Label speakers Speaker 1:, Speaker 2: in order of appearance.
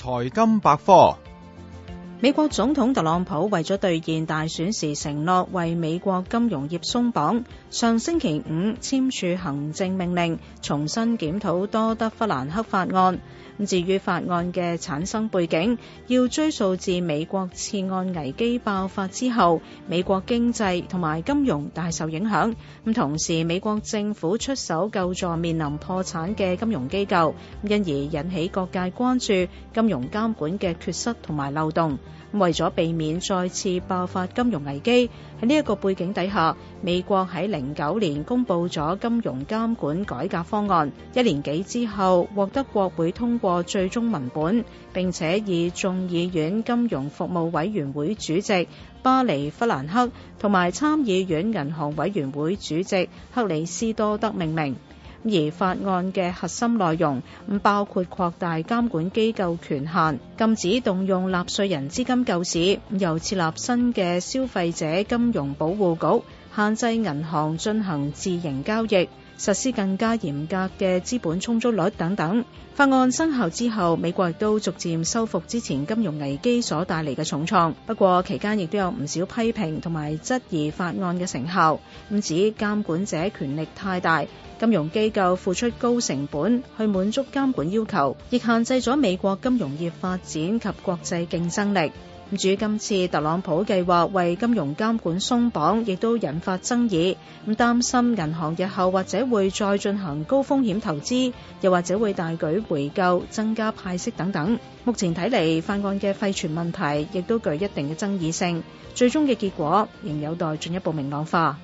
Speaker 1: 財金百科。美國總統特朗普為咗兌現大選時承諾，為美國金融業鬆綁，上星期五簽署行政命令，重新檢討多德弗蘭克法案。至於法案嘅產生背景，要追溯至美國次按危機爆發之後，美國經濟同埋金融大受影響。咁同時，美國政府出手救助面臨破產嘅金融機構，因而引起各界關注金融監管嘅缺失同埋漏洞。為咗避免再次爆發金融危機，喺呢一個背景底下，美國喺零九年公布咗金融監管改革方案，一年幾之後獲得國會通過最終文本，並且以眾議院金融服務委員會主席巴尼弗蘭克同埋參議院銀行委員會主席克里斯多德命名。而法案嘅核心內容，包括擴大監管機構權限、禁止動用納稅人資金救市，又設立新嘅消費者金融保護局。限制銀行進行自營交易，實施更加嚴格嘅資本充足率等等。法案生效之後，美國亦都逐漸修復之前金融危機所帶嚟嘅重創。不過期間亦都有唔少批評同埋質疑法案嘅成效，唔止監管者權力太大，金融機構付出高成本去滿足監管要求，亦限制咗美國金融業發展及國際競爭力。至於今次特朗普計劃為金融監管鬆綁，亦都引發爭議。咁擔心銀行日後或者會再進行高風險投資，又或者會大舉回購、增加派息等等。目前睇嚟，法案嘅廢存問題亦都具一定嘅爭議性，最終嘅結果仍有待進一步明朗化。